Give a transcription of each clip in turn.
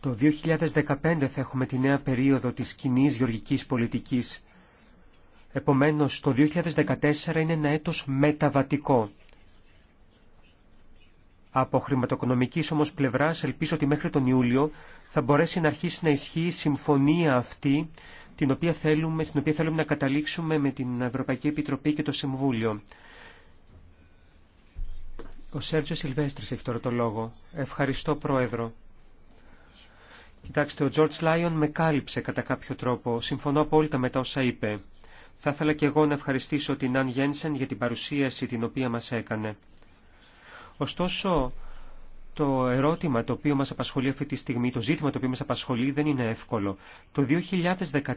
Το 2015 θα έχουμε τη νέα περίοδο της κοινή γεωργικής πολιτικής. Επομένως, το 2014 είναι ένα έτος μεταβατικό. Από χρηματοοικονομικής όμως πλευράς ελπίζω ότι μέχρι τον Ιούλιο θα μπορέσει να αρχίσει να ισχύει η συμφωνία αυτή την οποία θέλουμε, στην οποία θέλουμε να καταλήξουμε με την Ευρωπαϊκή Επιτροπή και το Συμβούλιο. Ο Σέρτζο Σιλβέστρης έχει τώρα το λόγο. Ευχαριστώ Πρόεδρο. Κοιτάξτε, ο George Λάιον με κάλυψε κατά κάποιο τρόπο. Συμφωνώ απόλυτα με τα όσα είπε. Θα ήθελα και εγώ να ευχαριστήσω την Αν Γένσεν για την παρουσίαση την οποία μας έκανε. Ωστόσο, το ερώτημα το οποίο μας απασχολεί αυτή τη στιγμή, το ζήτημα το οποίο μας απασχολεί δεν είναι εύκολο. Το 2014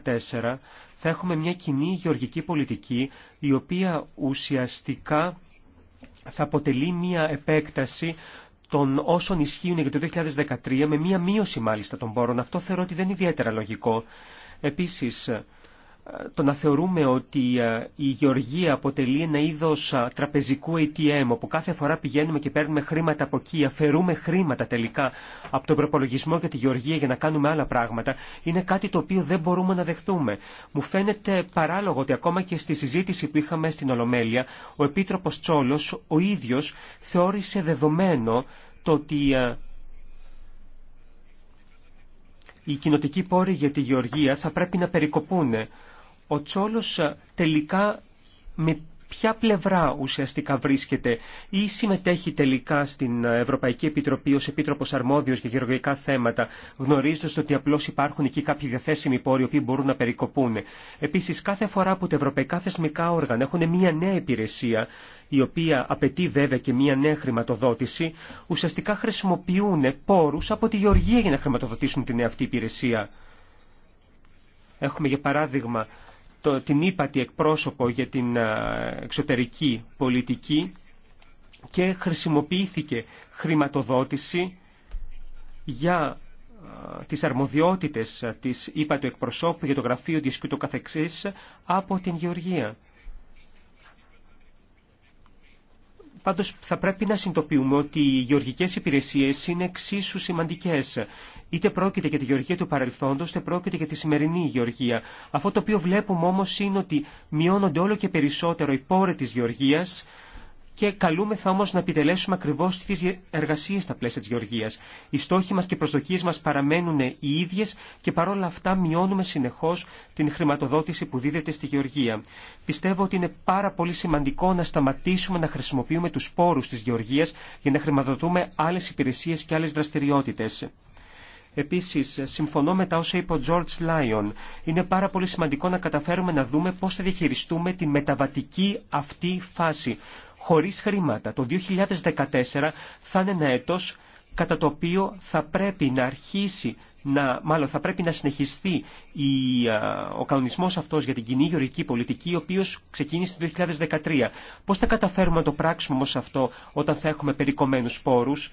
θα έχουμε μια κοινή γεωργική πολιτική η οποία ουσιαστικά θα αποτελεί μια επέκταση των όσων ισχύουν για το 2013 με μία μείωση μάλιστα των πόρων. Αυτό θεωρώ ότι δεν είναι ιδιαίτερα λογικό. Επίσης, το να θεωρούμε ότι ε, η γεωργία αποτελεί ένα είδος ε, τραπεζικού ATM, όπου κάθε φορά πηγαίνουμε και παίρνουμε χρήματα από εκεί, αφαιρούμε χρήματα τελικά από τον προπολογισμό για τη γεωργία για να κάνουμε άλλα πράγματα, είναι κάτι το οποίο δεν μπορούμε να δεχτούμε. Μου φαίνεται παράλογο ότι ακόμα και στη συζήτηση που είχαμε στην Ολομέλεια, ο Επίτροπος Τσόλος ο ίδιος θεώρησε δεδομένο το ότι ε, οι κοινοτικοί πόροι για τη γεωργία θα πρέπει να περικοπούν ο Τσόλος ε, τελικά με ποια πλευρά ουσιαστικά βρίσκεται ή συμμετέχει τελικά στην ε, Ευρωπαϊκή Επιτροπή ως Επίτροπος Αρμόδιος για γεωργικά θέματα, γνωρίζοντας ότι απλώς υπάρχουν εκεί κάποιοι διαθέσιμοι πόροι που μπορούν να περικοπούν. Επίσης, κάθε φορά που τα ευρωπαϊκά θεσμικά όργανα έχουν μια νέα υπηρεσία, η οποία απαιτεί βέβαια και μια νέα χρηματοδότηση, ουσιαστικά χρησιμοποιούν πόρους από τη Γεωργία για να χρηματοδοτήσουν την νέα αυτή υπηρεσία. Έχουμε για παράδειγμα το, την ύπατη εκπρόσωπο για την εξωτερική πολιτική και χρησιμοποιήθηκε χρηματοδότηση για τις αρμοδιότητες της ύπατου εκπροσώπου για το γραφείο της και καθεξής από την Γεωργία. Πάντως θα πρέπει να συντοποιούμε ότι οι γεωργικές υπηρεσίες είναι εξίσου σημαντικές. Είτε πρόκειται για τη γεωργία του παρελθόντος, είτε πρόκειται για τη σημερινή γεωργία. Αυτό το οποίο βλέπουμε όμως είναι ότι μειώνονται όλο και περισσότερο οι πόροι της γεωργίας και καλούμεθα όμω να επιτελέσουμε ακριβώ τι εργασίε στα πλαίσια τη γεωργία. Οι στόχοι μα και οι προσδοκίε μα παραμένουν οι ίδιε και παρόλα αυτά μειώνουμε συνεχώ την χρηματοδότηση που δίδεται στη γεωργία. Πιστεύω ότι είναι πάρα πολύ σημαντικό να σταματήσουμε να χρησιμοποιούμε του πόρου τη γεωργία για να χρηματοδοτούμε άλλε υπηρεσίε και άλλε δραστηριότητε. Επίσης, συμφωνώ με τα όσα είπε ο George Lyon. Είναι πάρα πολύ σημαντικό να καταφέρουμε να δούμε πώς θα διαχειριστούμε τη μεταβατική αυτή φάση χωρίς χρήματα. Το 2014 θα είναι ένα έτος κατά το οποίο θα πρέπει να αρχίσει να, μάλλον θα πρέπει να συνεχιστεί η, ο κανονισμός αυτός για την κοινή γεωργική πολιτική, ο οποίος ξεκίνησε το 2013. Πώς θα καταφέρουμε να το πράξουμε όμως αυτό όταν θα έχουμε περικομμένους πόρους.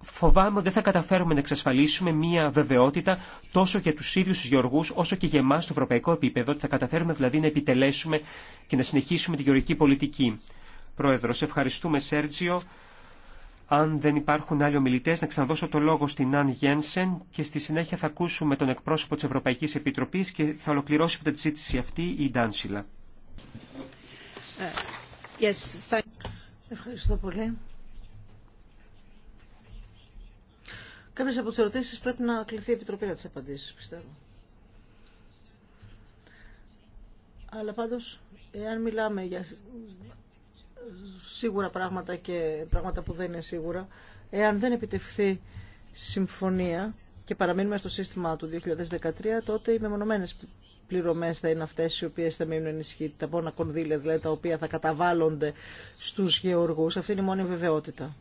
Φοβάμαι ότι δεν θα καταφέρουμε να εξασφαλίσουμε μια βεβαιότητα τόσο για τους ίδιους τους γεωργούς όσο και για εμάς στο ευρωπαϊκό επίπεδο, ότι θα καταφέρουμε δηλαδή να επιτελέσουμε και να συνεχίσουμε τη γεωργική πολιτική. Πρόεδρος. Ευχαριστούμε Σέρτζιο. Αν δεν υπάρχουν άλλοι ομιλητές, να ξαναδώσω το λόγο στην Αν Γένσεν και στη συνέχεια θα ακούσουμε τον εκπρόσωπο της Ευρωπαϊκής Επιτροπής και θα ολοκληρώσει από τη ζήτηση αυτή η Ντάνσιλα. Ε, yes, Ευχαριστώ πολύ. Κάποιες από τις ερωτήσεις πρέπει να κληθεί η Επιτροπή να τις απαντήσει, πιστεύω. Αλλά πάντως, εάν μιλάμε για σίγουρα πράγματα και πράγματα που δεν είναι σίγουρα. Εάν δεν επιτευχθεί συμφωνία και παραμείνουμε στο σύστημα του 2013, τότε οι μεμονωμένε πληρωμέ θα είναι αυτέ οι οποίε θα μείνουν ενισχύει, τα πόνα κονδύλια δηλαδή τα οποία θα καταβάλλονται στου γεωργού. Αυτή είναι η μόνη βεβαιότητα.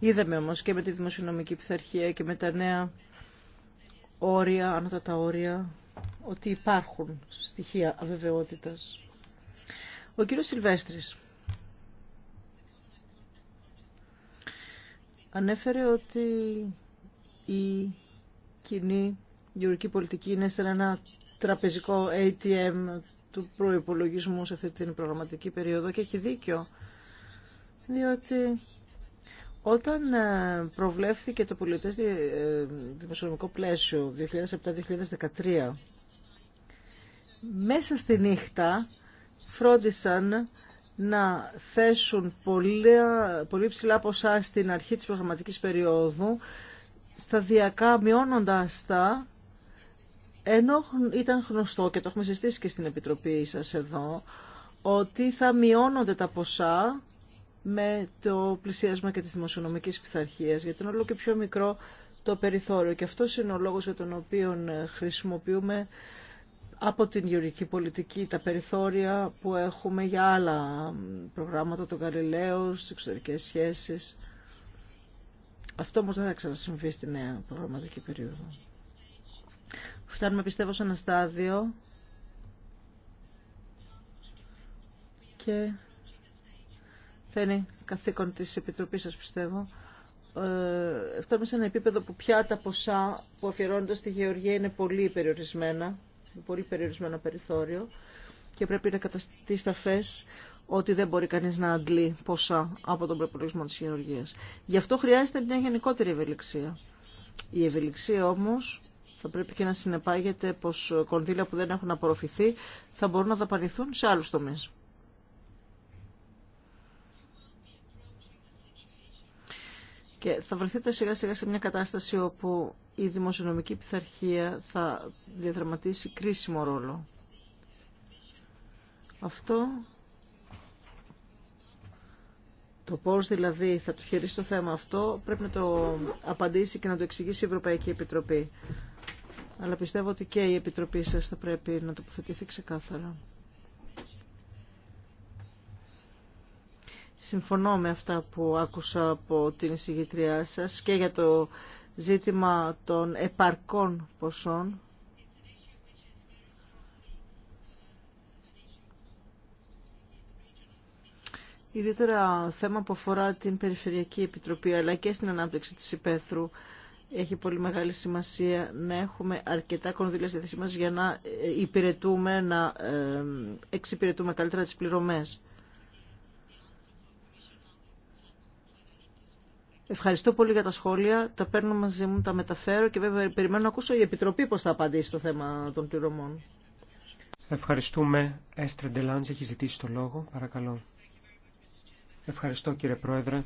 Είδαμε όμω και με τη δημοσιονομική πειθαρχία και με τα νέα όρια, ανώτατα όρια ότι υπάρχουν στοιχεία αβεβαιότητας. Ο κύριος Σιλβέστρης ανέφερε ότι η κοινή γεωργική πολιτική είναι σαν ένα τραπεζικό ATM του προϋπολογισμού σε αυτή την προγραμματική περίοδο και έχει δίκιο, διότι όταν ε, προβλέφθηκε το πολιτές ε, δημοσιονομικό πλαίσιο 2007-2013, μέσα στη νύχτα φρόντισαν να θέσουν πολύ, πολύ ψηλά ποσά στην αρχή της προγραμματικής περίοδου, σταδιακά μειώνοντας τα, ενώ ήταν γνωστό και το έχουμε συστήσει και στην Επιτροπή σας εδώ, ότι θα μειώνονται τα ποσά με το πλησίασμα και τη δημοσιονομικής πειθαρχίας, γιατί είναι όλο και πιο μικρό το περιθώριο. Και αυτό είναι ο λόγος για τον οποίο ε, χρησιμοποιούμε από την γεωργική πολιτική τα περιθώρια που έχουμε για άλλα προγράμματα, το Γαλιλαίο, τις εξωτερικές σχέσεις. Αυτό όμως δεν θα ξανασυμβεί στη νέα προγραμματική περίοδο. Φτάνουμε πιστεύω σε ένα στάδιο και Φαίνει καθήκον της Επιτροπής σας πιστεύω, ε, φτάνουμε σε ένα επίπεδο που πια τα ποσά που αφιερώνονται στη γεωργία είναι πολύ περιορισμένα, με πολύ περιορισμένο περιθώριο και πρέπει να καταστεί φες ότι δεν μπορεί κανείς να αντλεί ποσά από τον προπολογισμό της γεωργίας. Γι' αυτό χρειάζεται μια γενικότερη ευελιξία. Η ευελιξία όμως θα πρέπει και να συνεπάγεται πως κονδύλια που δεν έχουν απορροφηθεί θα μπορούν να δαπανηθούν σε άλλους τομείς. Και θα βρεθείτε σιγά σιγά σε μια κατάσταση όπου η δημοσιονομική πειθαρχία θα διαδραματίσει κρίσιμο ρόλο. Αυτό το πώς δηλαδή θα του χειρίσει το θέμα αυτό πρέπει να το απαντήσει και να το εξηγήσει η Ευρωπαϊκή Επιτροπή. Αλλά πιστεύω ότι και η Επιτροπή σας θα πρέπει να τοποθετηθεί ξεκάθαρα. Συμφωνώ με αυτά που άκουσα από την εισηγητριά σας και για το ζήτημα των επαρκών ποσών. Ιδιαίτερα θέμα που αφορά την Περιφερειακή Επιτροπή αλλά και στην ανάπτυξη της υπαίθρου έχει πολύ μεγάλη σημασία να έχουμε αρκετά κονδύλια στη θέση μας για να ε, υπηρετούμε, να ε, εξυπηρετούμε καλύτερα τις πληρωμές. Ευχαριστώ πολύ για τα σχόλια. Τα παίρνω μαζί μου, τα μεταφέρω και βέβαια περιμένω να ακούσω η Επιτροπή πώς θα απαντήσει στο θέμα των πληρωμών. Ευχαριστούμε. Έστρε Ντελάντζ έχει ζητήσει το λόγο. Παρακαλώ. Ευχαριστώ κύριε Πρόεδρε.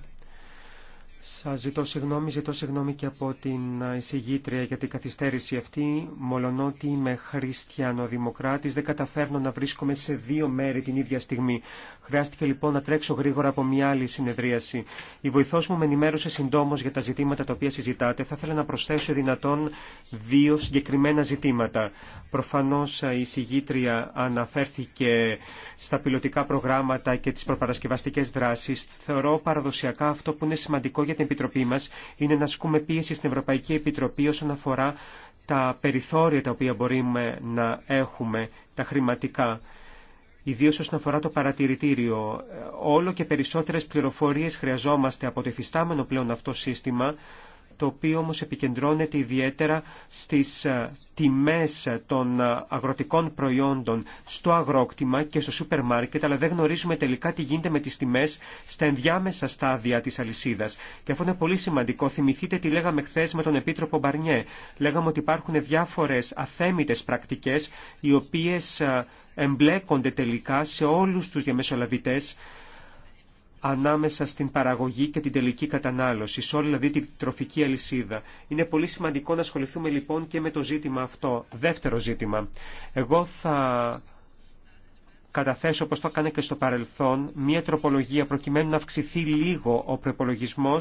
Σα ζητώ συγγνώμη, ζητώ συγγνώμη και από την εισηγήτρια για την καθυστέρηση αυτή, μολονότι είμαι χριστιανοδημοκράτης, δεν καταφέρνω να βρίσκομαι σε δύο μέρη την ίδια στιγμή. Χρειάστηκε λοιπόν να τρέξω γρήγορα από μια άλλη συνεδρίαση. Η βοηθό μου με ενημέρωσε συντόμω για τα ζητήματα τα οποία συζητάτε. Θα ήθελα να προσθέσω δυνατόν δύο συγκεκριμένα ζητήματα. Προφανώ ε, η εισηγήτρια αναφέρθηκε στα πιλωτικά προγράμματα και τι προπαρασκευαστικές δράσει. Θεωρώ παραδοσιακά αυτό που είναι σημαντικό την Επιτροπή μας είναι να ασκούμε πίεση στην Ευρωπαϊκή Επιτροπή όσον αφορά τα περιθώρια τα οποία μπορούμε να έχουμε, τα χρηματικά. Ιδίως όσον αφορά το παρατηρητήριο, όλο και περισσότερες πληροφορίες χρειαζόμαστε από το εφιστάμενο πλέον αυτό σύστημα, το οποίο όμως επικεντρώνεται ιδιαίτερα στις ε, τιμές των ε, αγροτικών προϊόντων στο αγρόκτημα και στο σούπερ μάρκετ, αλλά δεν γνωρίζουμε τελικά τι γίνεται με τις τιμές στα ενδιάμεσα στάδια της αλυσίδας. Και αυτό είναι πολύ σημαντικό. Θυμηθείτε τι λέγαμε χθε με τον Επίτροπο Μπαρνιέ. Λέγαμε ότι υπάρχουν διάφορες αθέμητες πρακτικές, οι οποίες ε, εμπλέκονται τελικά σε όλους τους διαμεσολαβητές ανάμεσα στην παραγωγή και την τελική κατανάλωση, σε όλη δηλαδή την τροφική αλυσίδα. Είναι πολύ σημαντικό να ασχοληθούμε λοιπόν και με το ζήτημα αυτό. Δεύτερο ζήτημα. Εγώ θα καταθέσω, όπως το έκανα και στο παρελθόν, μία τροπολογία προκειμένου να αυξηθεί λίγο ο προπολογισμό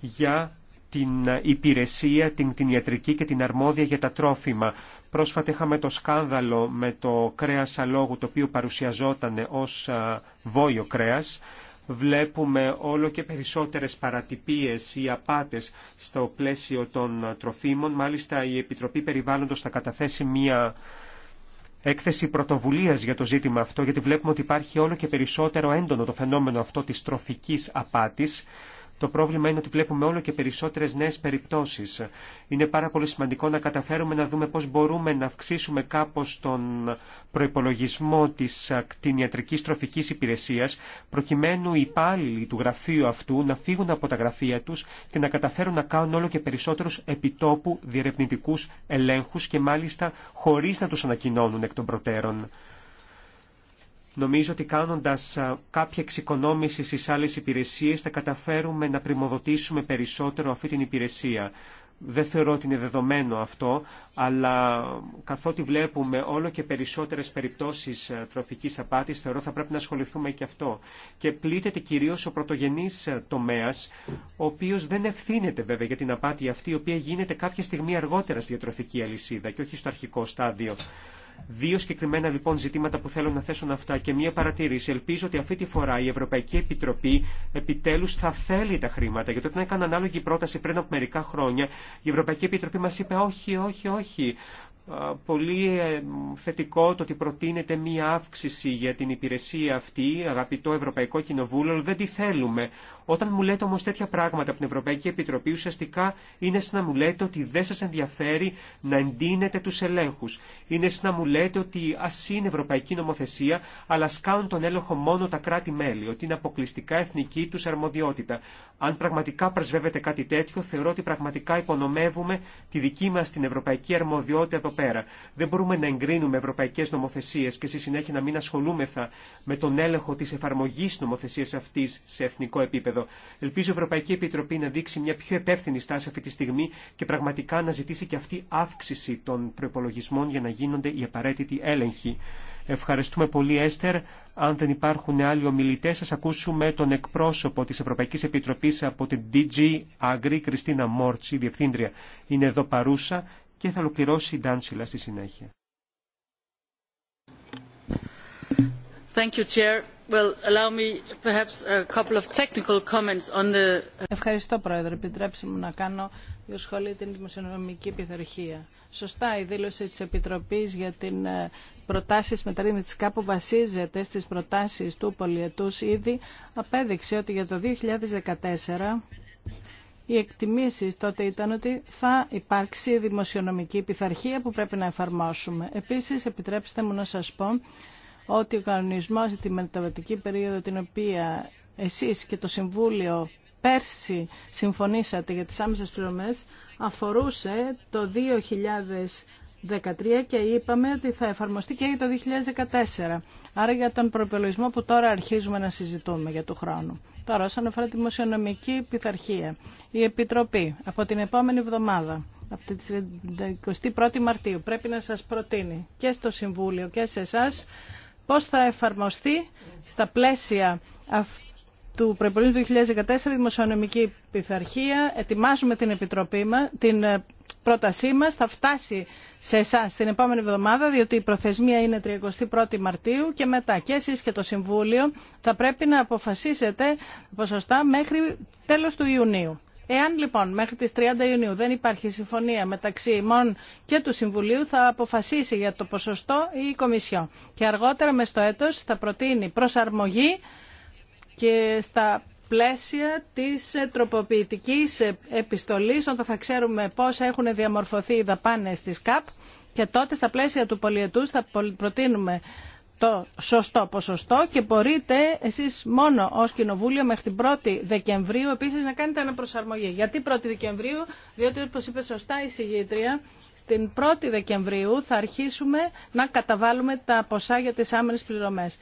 για την υπηρεσία, την, ιατρική και την αρμόδια για τα τρόφιμα. Πρόσφατα είχαμε το σκάνδαλο με το κρέας αλόγου, το οποίο παρουσιαζόταν ως βόλιο κρέας βλέπουμε όλο και περισσότερες παρατυπίες ή απάτες στο πλαίσιο των τροφίμων. Μάλιστα η Επιτροπή Περιβάλλοντος θα καταθέσει μία έκθεση πρωτοβουλίας για το ζήτημα αυτό, γιατί βλέπουμε ότι υπάρχει όλο και περισσότερο έντονο το φαινόμενο αυτό της τροφικής απάτης το πρόβλημα είναι ότι βλέπουμε όλο και περισσότερε νέε περιπτώσει. Είναι πάρα πολύ σημαντικό να καταφέρουμε να δούμε πώ μπορούμε να αυξήσουμε κάπω τον προπολογισμό τη κτηνιατρική τροφική υπηρεσία, προκειμένου οι υπάλληλοι του γραφείου αυτού να φύγουν από τα γραφεία του και να καταφέρουν να κάνουν όλο και περισσότερου επιτόπου διερευνητικού ελέγχου και μάλιστα χωρί να του ανακοινώνουν εκ των προτέρων. Νομίζω ότι κάνοντας κάποια εξοικονόμηση στις άλλες υπηρεσίες θα καταφέρουμε να πρημοδοτήσουμε περισσότερο αυτή την υπηρεσία. Δεν θεωρώ ότι είναι δεδομένο αυτό, αλλά καθότι βλέπουμε όλο και περισσότερες περιπτώσεις τροφικής απάτης, θεωρώ θα πρέπει να ασχοληθούμε και αυτό. Και πλήττεται κυρίως ο πρωτογενής τομέας, ο οποίος δεν ευθύνεται βέβαια για την απάτη αυτή, η οποία γίνεται κάποια στιγμή αργότερα στη διατροφική αλυσίδα και όχι στο αρχικό στάδιο. Δύο συγκεκριμένα λοιπόν ζητήματα που θέλω να θέσω αυτά και μία παρατήρηση. Ελπίζω ότι αυτή τη φορά η Ευρωπαϊκή Επιτροπή επιτέλου θα θέλει τα χρήματα. Γιατί όταν έκανα ανάλογη πρόταση πριν από μερικά χρόνια, η Ευρωπαϊκή Επιτροπή μα είπε όχι, όχι, όχι πολύ ε, θετικό το ότι προτείνεται μία αύξηση για την υπηρεσία αυτή, αγαπητό Ευρωπαϊκό Κοινοβούλιο, δεν τη θέλουμε. Όταν μου λέτε όμως τέτοια πράγματα από την Ευρωπαϊκή Επιτροπή, ουσιαστικά είναι σαν να μου λέτε ότι δεν σας ενδιαφέρει να εντείνετε τους ελέγχους. Είναι σαν να μου λέτε ότι ας είναι Ευρωπαϊκή νομοθεσία, αλλά ας κάνουν τον έλεγχο μόνο τα κράτη-μέλη, ότι είναι αποκλειστικά εθνική τους αρμοδιότητα. Αν πραγματικά πρεσβεύεται κάτι τέτοιο, θεωρώ ότι πραγματικά υπονομεύουμε τη δική μας την ευρωπαϊκή αρμοδιότητα εδώ πέρα. Δεν μπορούμε να εγκρίνουμε ευρωπαϊκέ νομοθεσίε και στη συνέχεια να μην ασχολούμεθα με τον έλεγχο τη εφαρμογή νομοθεσία αυτή σε εθνικό επίπεδο. Ελπίζω η Ευρωπαϊκή Επιτροπή να δείξει μια πιο επεύθυνη στάση αυτή τη στιγμή και πραγματικά να ζητήσει και αυτή αύξηση των προπολογισμών για να γίνονται οι απαραίτητοι έλεγχοι. Ευχαριστούμε πολύ, Έστερ. Αν δεν υπάρχουν άλλοι ομιλητέ, σα ακούσουμε τον εκπρόσωπο τη Ευρωπαϊκή Επιτροπή από την DG Agri, Κριστίνα Μόρτσι, διευθύντρια. Είναι εδώ παρούσα και θα ολοκληρώσει η Ντάνσιλα στη συνέχεια. Ευχαριστώ, Πρόεδρε. Επιτρέψτε μου να κάνω δύο σχόλια την δημοσιονομική πειθαρχία. Σωστά, η δήλωση της Επιτροπής για την ε, προτάσεις μεταρρύθμισης κάπου βασίζεται στις προτάσεις του πολιετούς ήδη απέδειξε ότι για το 2014 οι εκτιμήσεις τότε ήταν ότι θα υπάρξει δημοσιονομική πειθαρχία που πρέπει να εφαρμόσουμε. Επίσης, επιτρέψτε μου να σας πω ότι ο κανονισμός τη μεταβατική περίοδο την οποία εσείς και το Συμβούλιο πέρσι συμφωνήσατε για τις άμεσες πληρωμές αφορούσε το 2013 και είπαμε ότι θα εφαρμοστεί και για το 2014. Άρα για τον προπολογισμό που τώρα αρχίζουμε να συζητούμε για του χρόνου. Τώρα, όσον αφορά τη δημοσιονομική πειθαρχία, η Επιτροπή από την επόμενη εβδομάδα, από την 21η Μαρτίου, πρέπει να σας προτείνει και στο Συμβούλιο και σε εσά πώς θα εφαρμοστεί στα πλαίσια του προπολίου του 2014, δημοσιονομική πειθαρχία. Ετοιμάζουμε την, επιτροπή μας, την ε, πρότασή θα φτάσει σε εσά την επόμενη εβδομάδα, διότι η προθεσμία είναι 31η Μαρτίου και μετά και εσείς και το Συμβούλιο θα πρέπει να αποφασίσετε ποσοστά μέχρι τέλος του Ιουνίου. Εάν λοιπόν μέχρι τις 30 Ιουνίου δεν υπάρχει συμφωνία μεταξύ ημών και του Συμβουλίου θα αποφασίσει για το ποσοστό η Κομισιό και αργότερα μες στο έτος θα προτείνει προσαρμογή και στα πλαίσια της ε, τροποποιητικής ε, επιστολής όταν θα ξέρουμε πώς έχουν διαμορφωθεί οι δαπάνες της ΚΑΠ και τότε στα πλαίσια του πολιετούς θα προτείνουμε το σωστό ποσοστό και μπορείτε εσείς μόνο ως Κοινοβούλιο μέχρι την 1η Δεκεμβρίου επίσης να κάνετε αναπροσαρμογή. Γιατί 1η Δεκεμβρίου, διότι όπως είπε σωστά η συγγήτρια, στην 1η Δεκεμβρίου θα αρχίσουμε να καταβάλουμε τα ποσά για τις άμενες πληρωμές.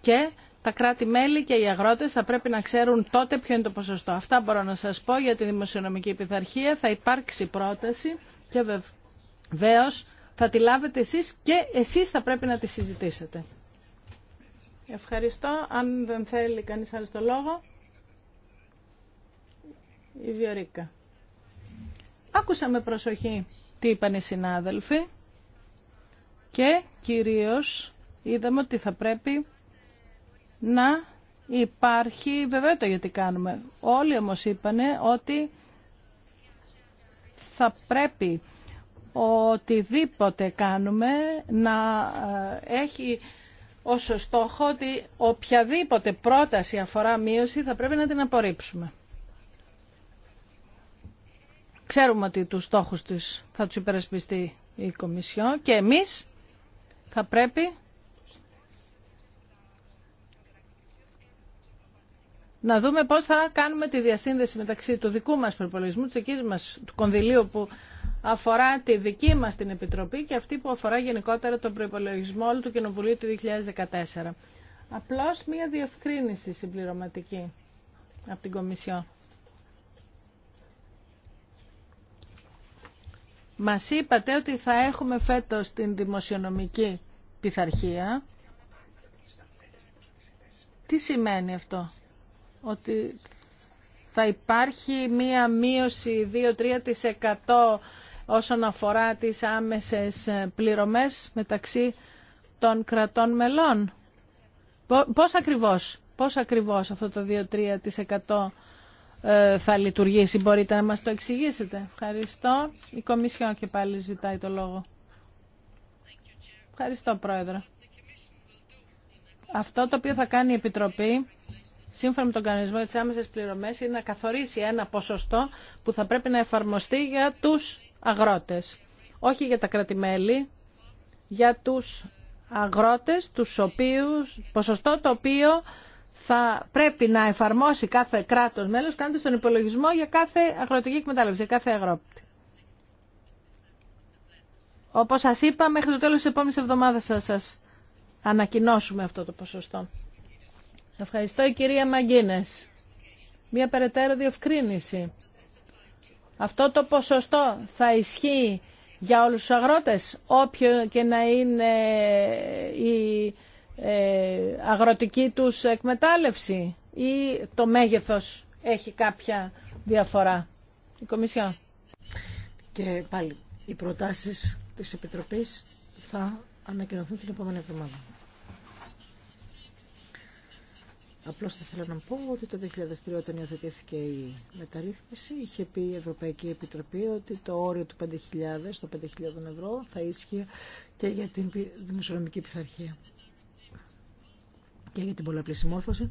Και τα κράτη-μέλη και οι αγρότες θα πρέπει να ξέρουν τότε ποιο είναι το ποσοστό. Αυτά μπορώ να σας πω για τη δημοσιονομική επιθαρχία. Θα υπάρξει πρόταση και βεβαίω θα τη λάβετε εσείς και εσείς θα πρέπει να τη συζητήσετε. Ευχαριστώ. Αν δεν θέλει κανείς άλλο το λόγο. Η Βιορίκα. Άκουσα με προσοχή τι είπαν οι συνάδελφοι και κυρίως είδαμε ότι θα πρέπει να υπάρχει το γιατί κάνουμε. Όλοι όμως είπανε ότι θα πρέπει οτιδήποτε κάνουμε να ε, έχει ως στόχο ότι οποιαδήποτε πρόταση αφορά μείωση θα πρέπει να την απορρίψουμε. Ξέρουμε ότι τους στόχους τους θα τους υπερασπιστεί η Κομισιό και εμείς θα πρέπει να δούμε πώς θα κάνουμε τη διασύνδεση μεταξύ του δικού μας προπολογισμού, της μας, του κονδυλίου που αφορά τη δική μας την Επιτροπή και αυτή που αφορά γενικότερα τον προπολογισμό όλου του Κοινοβουλίου του 2014. Απλώς μία διευκρίνηση συμπληρωματική από την Κομισιό. Μας είπατε ότι θα έχουμε φέτος την δημοσιονομική πειθαρχία. Τι σημαίνει αυτό ότι θα υπάρχει μία μείωση 2-3% όσον αφορά τις άμεσες ε, πληρωμές μεταξύ των κρατών μελών. Πώς ακριβώς, πώς ακριβώς αυτό το 2-3% ε, θα λειτουργήσει, μπορείτε να μας το εξηγήσετε. Ευχαριστώ. Η Κομισιόν και πάλι ζητάει το λόγο. Ευχαριστώ, Πρόεδρε. Αυτό το οποίο θα κάνει η Επιτροπή σύμφωνα με τον κανονισμό της άμεσης πληρωμές είναι να καθορίσει ένα ποσοστό που θα πρέπει να εφαρμοστεί για τους αγρότες. Όχι για τα κρατημέλη, για τους αγρότες, τους οποίους, ποσοστό το οποίο θα πρέπει να εφαρμόσει κάθε κράτος μέλος κάνοντας τον υπολογισμό για κάθε αγροτική εκμετάλλευση, για κάθε αγρότη. Όπως σας είπα, μέχρι το τέλος της επόμενης εβδομάδας θα σας ανακοινώσουμε αυτό το ποσοστό. Ευχαριστώ η κυρία Μαγκίνες. Μία περαιτέρω διευκρίνηση. Αυτό το ποσοστό θα ισχύει για όλους τους αγρότες, όποιο και να είναι η ε, αγροτική τους εκμετάλλευση ή το μέγεθος έχει κάποια διαφορά. Η Κομισιά. Και πάλι, οι προτάσεις της Επιτροπής θα ανακοινωθούν την επόμενη εβδομάδα. Απλώς θα ήθελα να πω ότι το 2003 όταν υιοθετήθηκε η μεταρρύθμιση είχε πει η Ευρωπαϊκή Επιτροπή ότι το όριο του 5.000, στο 5.000 ευρώ θα ίσχυε και για την δημοσιονομική πειθαρχία και για την πολλαπλή συμμόρφωση.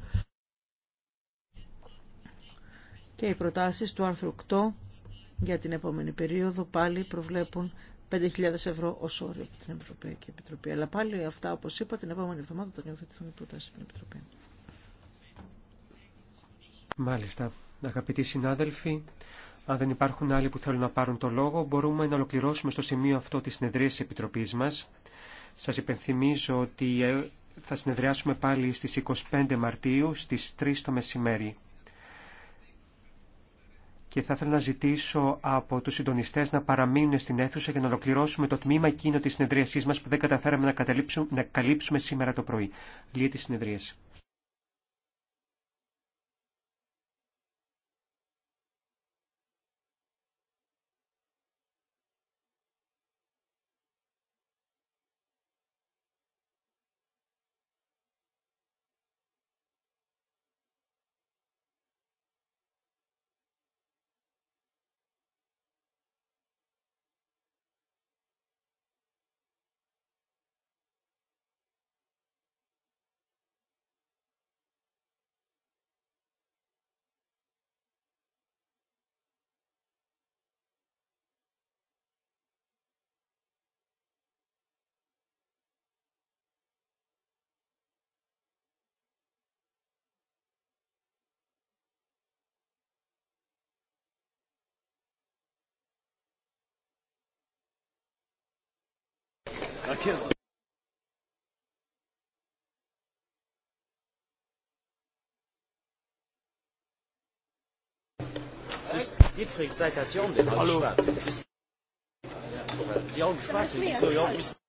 Και οι προτάσεις του άρθρου 8 για την επόμενη περίοδο πάλι προβλέπουν 5.000 ευρώ ω όριο από την Ευρωπαϊκή Επιτροπή. Αλλά πάλι αυτά, όπω είπα, την επόμενη εβδομάδα θα υιοθετηθούν οι προτάσει από Επιτροπή. Μάλιστα. Αγαπητοί συνάδελφοι, αν δεν υπάρχουν άλλοι που θέλουν να πάρουν το λόγο, μπορούμε να ολοκληρώσουμε στο σημείο αυτό τη συνεδρία τη Επιτροπή μα. Σα υπενθυμίζω ότι ε, θα συνεδριάσουμε πάλι στι 25 Μαρτίου στι 3 το μεσημέρι. Και θα ήθελα να ζητήσω από του συντονιστέ να παραμείνουν στην αίθουσα για να ολοκληρώσουμε το τμήμα εκείνο τη συνεδρίασής μα που δεν καταφέραμε να, καλύψουμε σήμερα το πρωί. Λύεται συνεδρίαση. kids Dietrich, seit den schwarz. Die schwarz sind so,